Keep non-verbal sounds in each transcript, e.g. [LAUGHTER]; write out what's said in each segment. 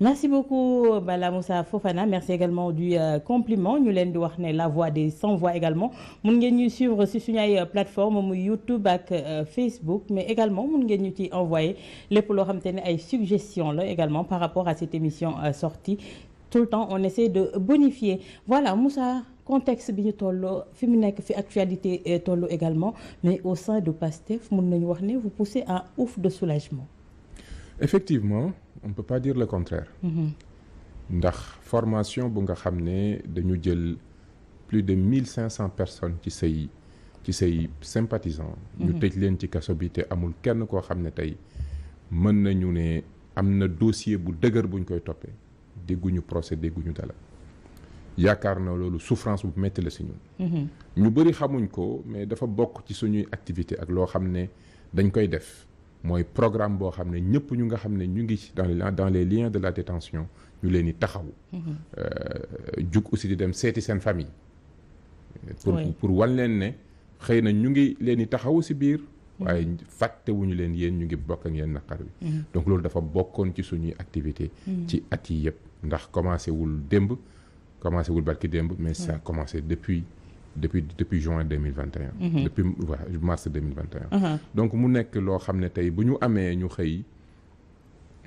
merci beaucoup Bala Moussa Fofana merci également du euh, compliment ñu leen di wax ne la voix des sans voix également mun ngeen ñu suivre si suñu ay euh, plateforme muy YouTube ak euh, Facebook mais également mun ngeen ñu ci envoyer lépp loo xam te ne ay suggestion la également par rapport à cette émission sortie tout le temps on essaie de bonifier voilà Moussa contexte bi ñu tolloo fi mu nekk fi actualité tolloo également mais au sein de PASTEF mun nañu wax ne vous poussez un ouf de soulagement effectivement on ne le contraire mm-hmm. ndax formation bu nga xam ne dañu jël plus de mille cinq cent personnes ci say ci say sympathisants mm-hmm. ñu tëj leen ci kaso bi te amul kenn koo xam ne tey mën nañu ne am na dossier bu dëgër buñ koy toppee dégguñu procès dégguñu dala yaakaar na loolu souffrance bu métti la si ñun mm-hmm. ñu bëri xamuñ ko mais dafa bokk ci suñuy activité ak loo xam ne dañ koy def mooy programme boo xam ne ñëpp ñu nga xam ne ñu ngi ci dans dans les liens de la détention ñu leen di taxawu. Euh, jug aussi di dem seeti seen famille. pour pour wan leen ne xëy na ñu ngi leen di taxawu si biir. Mm-hmm. waaye fàttewuñu leen yéen ñu ngi bokk ak yéen naqar wi. Mm-hmm. donc loolu dafa bokkoon ci suñuy activité mm-hmm. ci at yi yëpp ndax commencé wul démb commencewul wul barki démb mais ça a commencé depuis. depuis depuis juin deux mille vingt et un mhm. depuis waa mars mhm. donc mu nekk loo xam ne tey bu ñu amee ñu xëy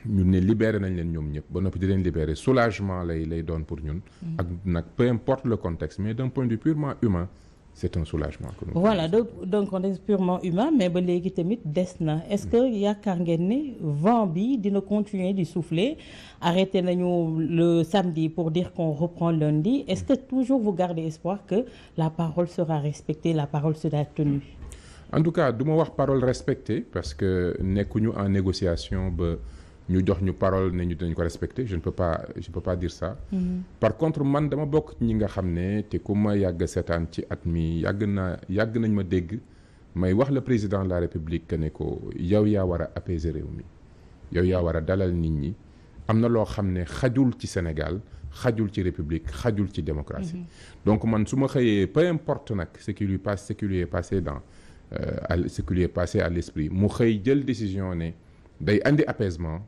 ñun ne libéré nañ leen ñoom ñëpp ba noppi di leen solagement soulagement lay lay doon pour ñun mhm. ak nag peu importe le contexte mais d'un point de vue purement humain c'est un soulagement que nous voilà donc donc contexte purement humain mais ba léegi tamit des na est-ce que yaakaar ngeen ne vent bi dina continuer di souffler arrêté nañu le samedi pour dire qu'on reprend lundi est-ce que toujours vous gardez espoir que la parole sera respectée la parole sera tenue en tout cas du ma wax parole respectée parce que nekkuñu en négociation ba ñu jox ñu parole ne ñu dinañ ko respecter je ne peux pas je ne dire ça. Mm-hmm. par contre man dama bokk ñi nga xam ne te ku ma yàgg seetaan ci at mi yàgg naa yàgg nañ ma dégg may wax la président la république que ne ko yow yaa war a apaiser réew mi yow yaa war a dalal nit ñi am na loo xam ne xajul ci Sénégal xajul ci république xajul ci démocratie. Mm-hmm. donc man su ma xëyee peu importe nag ce qui lui passe ce qui lui est passé dans euh, à ce qui lui est à l'esprit mu xëy jël décision ne day indi apaisement.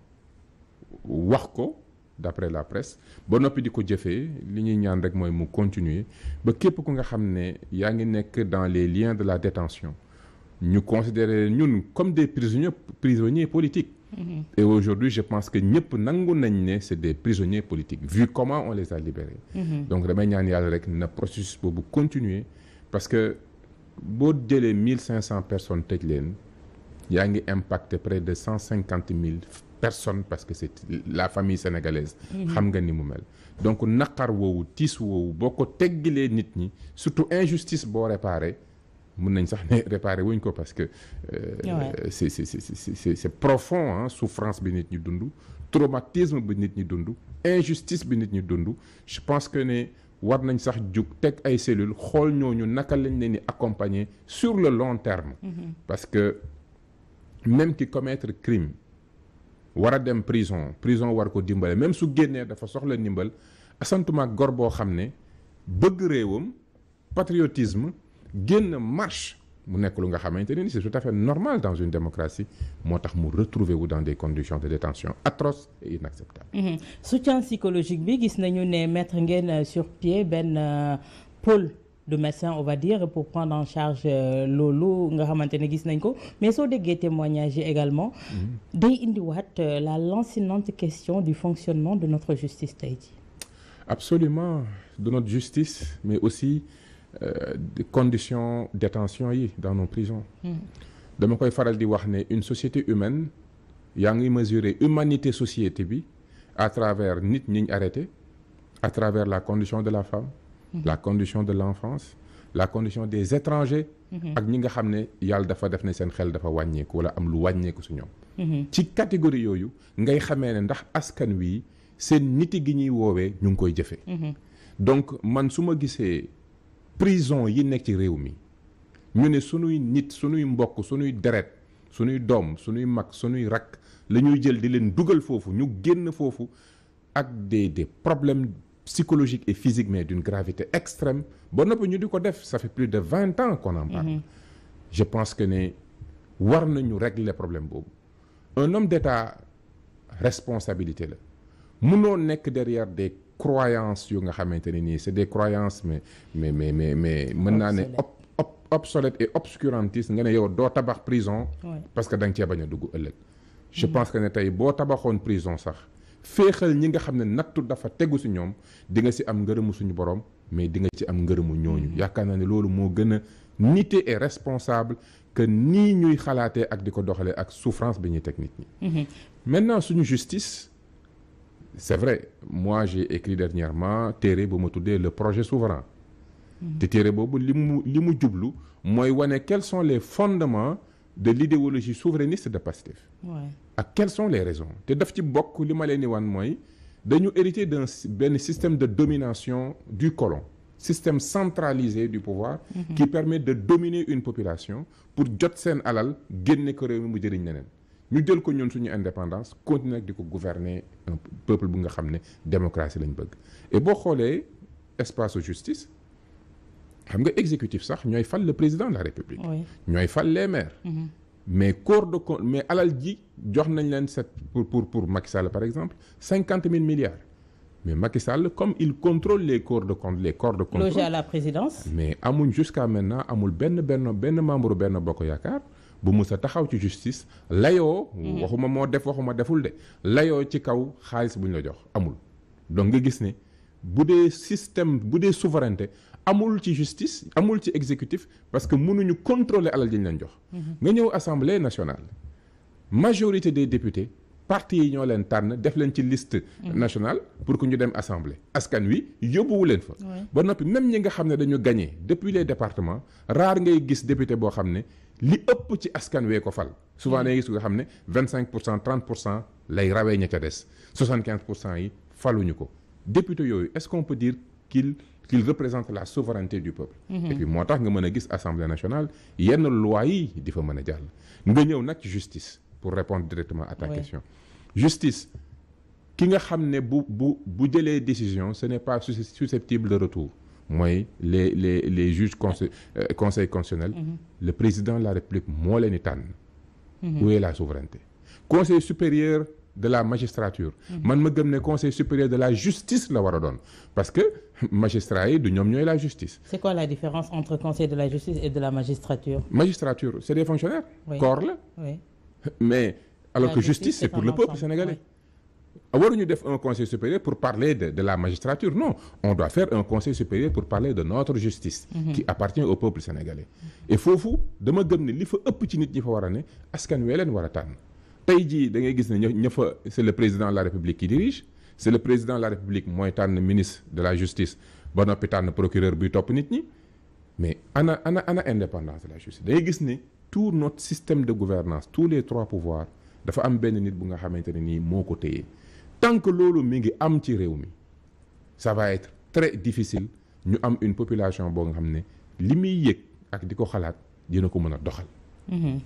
wax ko d'après la presse ba noppi di ko jëfee li ñuy ñaan rek mooy mu continuer ba képp ku nga xam ne yaa ngi nekk dans les liens de la détention ñu considérer ñun comme des prisonniers prisonniers politiques mm-hmm. et aujourd'hui je pense que ñëpp nangu nañ ne c'est des prisonniers politiques vu comment on les a libérés mm-hmm. donc damay ñaan yàlla rek na processus boobu continuer parce que boo jëlee mille cinq cent personnes tëj leen yaa ngi impacté près de cent cinquante mille personne parce que c'est la famille sénégalaise. Mhm. xam nga ni mu mel. donc naqar woowu tiis woowu boo ko teggilee nit ñi surtout injustice boo réparé mun nañ sax ne [LAUGHS] réparé wuñ ko parce que. Euh, c'est c'est c'est c'est profond souffrance bi nit ñi dund. traumatisme bi nit ñi dundu injustice bi nit ñi dundu je pense que ne. war nañ sax jug teg ay cellules xool ñooñu naka lañ leen di accompagner sur le long terme. Mhm. parce que même ki commettre crime. war a dem prison prison war ko dimbale même su génnee dafa soxla ndimbal asantuma gor boo xam ne bëgg réewam patriotisme génn marche mu nekk lu nga xam ne ni c'est tout à fait normal dans une démocratie moo tax mu retrouver wu dans des conditions de détention atroces et inacceptables. Mhm. soutien psychologique bi gis nañu ne mettre ngeen euh, sur pied benn euh, pôle. de médecin on va dire pour prendre en charge euh, loolu nga xamante ne gis nañ ko mais soo déggee témoignage yi également mm-hmm. day indiwaat euh, la lancinante question du fonctionnement de notre justice tey ji absolument de notre justice mais aussi euh, des conditions détention yi dans nos prisons mm. dama koy faral di wax ne une société humaine yaa ngi mesurer humanité société bi à travers nit ñi ñu arrêté à travers la condition de la femme Mm-hmm. la condition de l'enfance la condition des étrangers mm-hmm. ak ñi nga xam ne yàlla dafa def ne seen xel dafa wàññeeku wala am lu wàññeeku su ñoom mm-hmm. ci catégorie yooyu ngay xamee ne ndax askan wi seen niti gi ñuy woowee ñu ngi koy jëfee donc man su ma gisee prison yi nekk ci réew mi ñu ne sunuy nit sunuy mbokk sunuy deret sunuy doom sunuy mag sunuy rakk la ñuy jël di leen dugal foofu ñu génn foofu ak des des problèmes psychologique et physique mais d'une gravité extrême ba noppi ñu di ko def ça fait plus de vingt ans qu'on en parle. Mm-hmm. je pense que ne war nañu régler problème boobu un homme d'État responsabilité la mun mënoo nekk derrière des croyances yu nga xamante ne nii c'est des croyances mais mais mais mais mais mën naa ne op op obsolète nga ne yow doo tabax prison parce que da nga bañ a dugg ëllëg je mm-hmm. pense que ne tey boo tabaxoon prison sax féexal ñi nga xam ne nattu dafa tegu si ñoom di nga si am ngërëmu suñu borom mais di nga ci am ngërëmu ñooñu yaakaar naa ne loolu moo gën a nite et responsable que nii ñuy xalaatee ak di ko doxalee ak souffrance bi ñuy teg nit ñi. Mm-hmm. maintenant suñu justice c'est vrai mois j'ai écrit dernièrement téere bu ma tuddee le projet souverain. Mm-hmm. te téere boobu li mu li mu jublu mooy wane quels sont les fondements. de l'idéologie souverainiste de Pastef ouais. ak quelles son les raisons te daf ci bokk li ma leen di wan mooy dañu hérité d'un benn système de domination du colon système centralisé du pouvoir mm-hmm. qui permet de dominer une population pour jot seen alal génne ko réew mi mu jëriñ leneen ñu jël ko ñoon suñu indépendance continuer ak di ko gouverner un peuple bu nga xam ne démocratie lañ bëgg et boo xoolee espace de justice xam nga exécutif sax ñooy fal la président de la république. ñooy fal les maires. Mm-hmm. mais corps de con mais alal ji jox nañ leen set pour pour pour Macky Sall par exemple cinquante mille milliards. mais Macky Sall comme il contrôle les corps de compte les corps de contrôle. logé à la présidence. mais amuñ jusqu'à maintenant amul benn benn benn membre benn bokk yaakaar bu musa taxaw ci justice layoo. Mm-hmm. waxuma moo def waxuma deful de layoo ci kaw xaalis buñ la jox amul donc nga gis ni bu dee système bu dee souveraineté amul ci justice amul ci exécutif parce que mënuñu contrôler alal ji ñu leen jox. Mhm. nga ñëw assemblée nationale. majorité des députés parti yi ñoo leen tànn def leen ci list mhm. nationale pour que ñu dem assemblée. askan wi yóbbuwu leen fa. ba noppi même ñi nga xam ne dañu gagné depuis les départements raar ngay gis député boo xam ne li ëpp ci askan wee ko fal. souvent mhm. day gis nga xam ne vingt cinq pour cent trente pour cent lay rawee ña ca des pour cent yi faluñu ko. député yooyu est-ce qu'on peut dire qu'il qu'il représente la souveraineté du peuple mhm. et moo tax nga mën a gis assemblée nationale yenn loi yi di fa mën a jàll nga ñëw nag ci justice pour répondre directement à ta question justice ki nga xam ne bu bu bu jëlee décision ce n'est pas susceptible de retour mooy les les les juges euh, conseil conseil mhm. le président la république moo leen di tànn mhm. où est la souveraineté conseil supérieur de la magistrature. man ma gëm ne conseil supérieur de la justice la war a doon parce que magistrats yi du ñoom ñooy la justice. c'est quoi la différence entre conseil de la justice et de la magistrature. magistrature c'est des fonctionnaires. oui mais. alors la que justice c'est pour le peuple sénégalais. waruñu def un conseil supérieur la magistrature non on doit faire un conseil supérieur pour parler de notre justice. Mhm. qui appartient au peuple sénégalais. et foofu dama gëm ne li fa ëpp ci nit ñi fa war a ne askan wee war a tànn. tey jii da ngay gis ne ña fa c' est le président de la république qui dirige c' est le président la république mooy tànn ministre de la justice ba noppi tànn procureur bi topp nit ñi mais ana ana ana indépendance de la justice da gis ne tout not système de gouvernance tous les trois pouvoirs dafa am benn nit bu nga xamante ne nii moo ko téye tant que loolu mi ngi am ci réew mi ça va être très difficile ñu am une population boo nga xam ne li muy yëg ak di ko xalaat dina ko mën a doxal Mhm.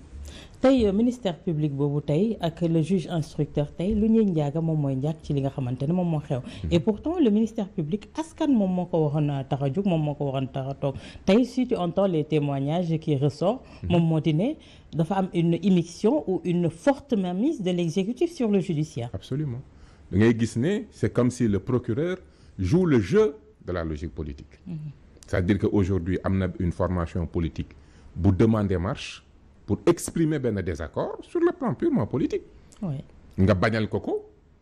tey euh, ministère public boobu tey ak le juge instructeur tey lu ñuy njaaga moom mooy njaag ci li nga xamante ne moom moo xew. Mhm. et pourtant le ministère public askan moom ko waxoon tax a jóg moom moo ko waxoon tax a toog tey si tu entends les témoignages qui ressort mhm. moom moo di ne dafa am une immixtion ou une forte mainmise de l'exécutif sur le judiciaire. absolument da ngay gis ne c'est comme si le procureur joue le jeu de la logique politique. c'est-à-dire que am na une formation politique bu demande marche. pour exprimer benn désaccord sur le plan purement politique. nga bañal ko ko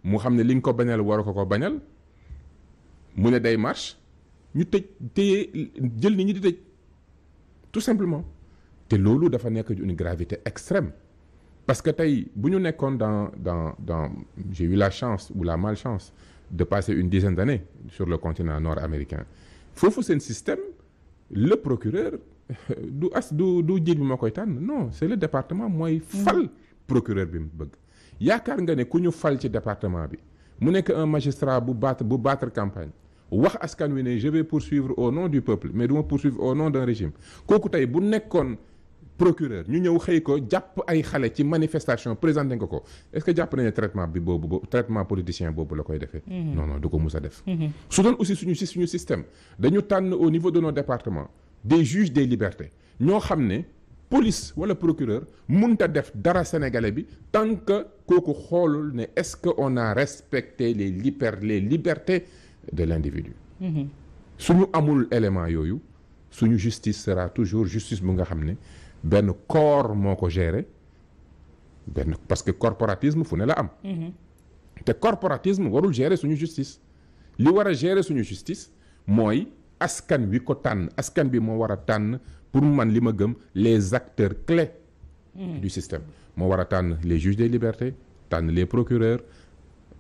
mu xam ne li nga ko bañal war a ko ko bañal mu ne day marche ñu tëj téye jël nit ñu di tëj tout simplement te loolu dafa nekk une gravité extrême parce que tey bu ñu nekkoon dans dans dans j'ai eu la chance ou la malchance de passer une dizaine d'années sur le continent nord-américain foofu seen système le procureur. [LAUGHS] du as du du jiit bi moo koy tànn non c'est le département mooy mm-hmm. fal procureur bi mu bëgg yaakaar nga ne ku ñu fal ci département bi mu nekk un magistrat bu battre bu battre campagne wax askan wi ne je vais poursuivre au nom du peuple mais du ma poursuivre au nom d'un régime kooku tey bu nekkoon procureur ñu ñëw xëy ko jàpp ay xale ci manifestation présenté nga ko est que jàpp nañu traitement bi boobu traitement politicien boobu la koy defee mm-hmm. non non du ko mus a def mm-hmm. si suñu système des juges des libertés ñoo xam ne police wala procureur munta def dara sénégalais bi tant que kooku xoolul ne est-ce que on a respecté les liber les libertés de l'individu mhm. suñu amul élément yooyu suñu justice sera toujours justice bu nga xam ne benn corps moo ko gérer benn parce que corporatisme fu ne la am mhm. te corporatisme warul gérer suñu justice li war a gérer suñu justice mooy askan wi ko tànn askan bi moo war a tànn pour man li ma gëm les acteurs clés hmm. du système moo war a tànn les juges des libertés tànn les procureurs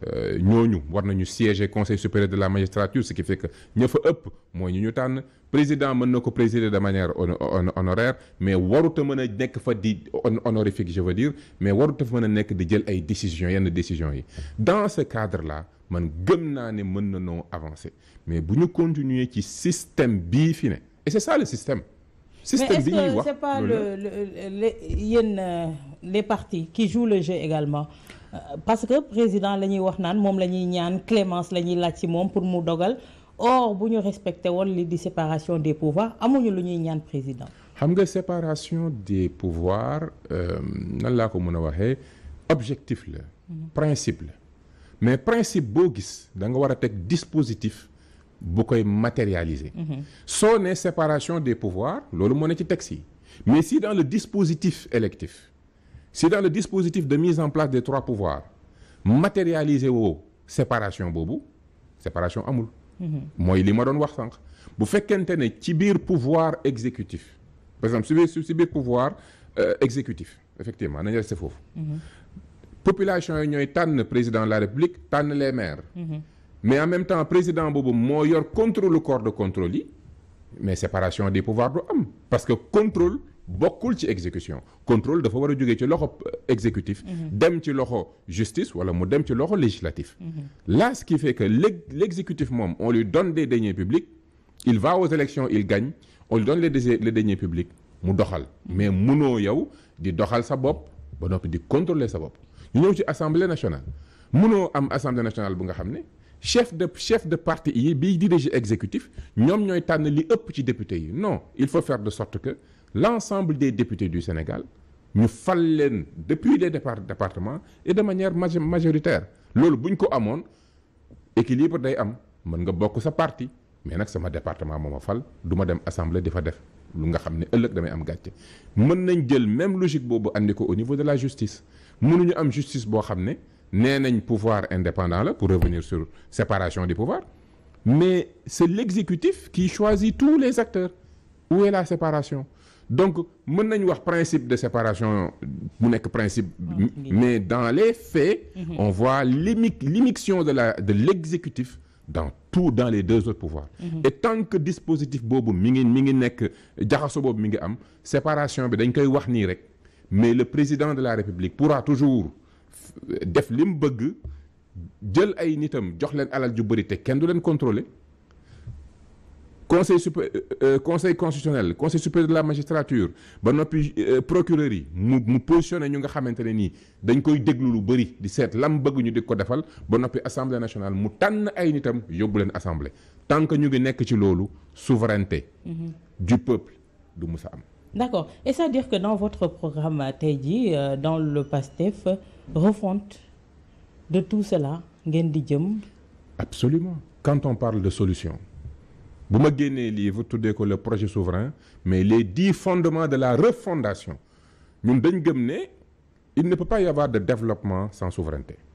euh, ñooñu war nañu siéger conseil supérieur de la magistrature ce qui fait que ña ëpp mooy ñu ñu tànn président mën na ko présider de manière honoraire mais waruta mën a nekk fa di honorifique je veux dire mais waruta fa mën a nekk di jël ay décisions yenn décisions yi dans ce cadre là man gëm naa ne mën na noo avancer mais bu ñu continuer ci système bii fi ne et c'est ça le système système bi ñuy mais est-ce que c'est pas le euh, les partis qui jouent le jeu également euh, parce que président la ñuy wax naan moom la ñuy ñaan clémence la ñuy laaj ci moom pour mu dogal or bu ñu respecté woon li di séparation des pouvoirs amuñu lu ñuy ñaan président xam nga séparation des pouvoirs euh, nan laa ko mën a waxee objectif la mhm. principe la mais principe boo gis danga war a teg dispositif bu koy matérialiser. Mhm. soo ne séparation des pouvoirs loolu moo ne ci texte yi mais si dans le dispositif électif si dans le dispositif de mise en place des trois pouvoirs matérialiser woo séparation boobu séparation amul. Mhm. mooy li ma doon wax sànq. bu fekkente ne ci biir pouvoir exécutif par exemple si biir si biir pouvoir euh, exécutif effectivement nañu resté foofu. Mhm. population yi ñooy tànn président de la république tànn les maires. mais en même temps président boobu moo yor contrôle corps de contrôle yi mais séparation des pouvoirs du am parce que contrôle bokkul ci exécution contrôle dafa war a jógee ci loxo euh, exécutif dem ci loxo justice wala mu dem ci loxo législatif là ce qui fait que l'exécutif moom on lui donne des deniers publics il va aux élections il gagne on lui donne les les publics mu doxal mais munoo yow di doxal sa bopp ba noppi di contrôler sa bopp ñu ñëw ci assemblée nationale mënoo am assemblée nationale bu nga xam ne chef de chef de parti yi biy diriger exécutif ñoom ñooy tànn li ëpp ci député yi non il faut fair de sorte que l'ensemble des députés du Sénégal ñu fal leen depuis les départ départements et de manière majoritaire loolu buñ ko amoon équilibre day am mën nga bokk sa parti mais nag sama département moo ma fal duma dem assemblée di fa def lu nga xam ne ëllëg damay am gàcce mën nañ jël même logique boobu andi ko au niveau de la justice mënuñu am justice boo xam ne nee nañ pouvoir indépendant la pour revenir sur séparation du pouvoir mais c'est l'exécutif qui choisit tous les acteurs où est la séparation donc mën nañ wax principe de séparation mu nekk principe mais dans les faits mm-hmm. on voit l'imi l'immixtion de la de l'exécutif dans tout dans les deux autres pouvoirs mhm. et que dispositif boobu mi ngi mi ngi nekk jaxaso boobu mi ngi am séparation bi dañ koy wax nii rek mais le président de la république pour pourra toujours def li mu bëgg jël ay nitam jox leen alal ju bëri te kenn du leen contrôler conseil supé euh, euh, conseil constitutionnel conseil supérieur de la magistrature ba noppi euh, procureur yi mu mu positionné ñu nga xamante ne nii dañ koy déglu lu bëri di seet lam bëgg ñu di ko defal ba noppi assemblée nationale mu tànn ay nitam yóbbu leen assemblée tant que ñu ngi nekk ci loolu souveraineté. Mhm. du peuple du musa am. d'accord et c'est-à-dire que dans votre programme tey jii dans le PASTEF refonte de tout cela ngeen di jëm. absolument quand on parle de solution. bu ma génnee livre tuddee ko le projet souverain mais les dix fondement de la refondation ñun dañ gëm ne il ne peut pas y avoir de développement sans souveraineté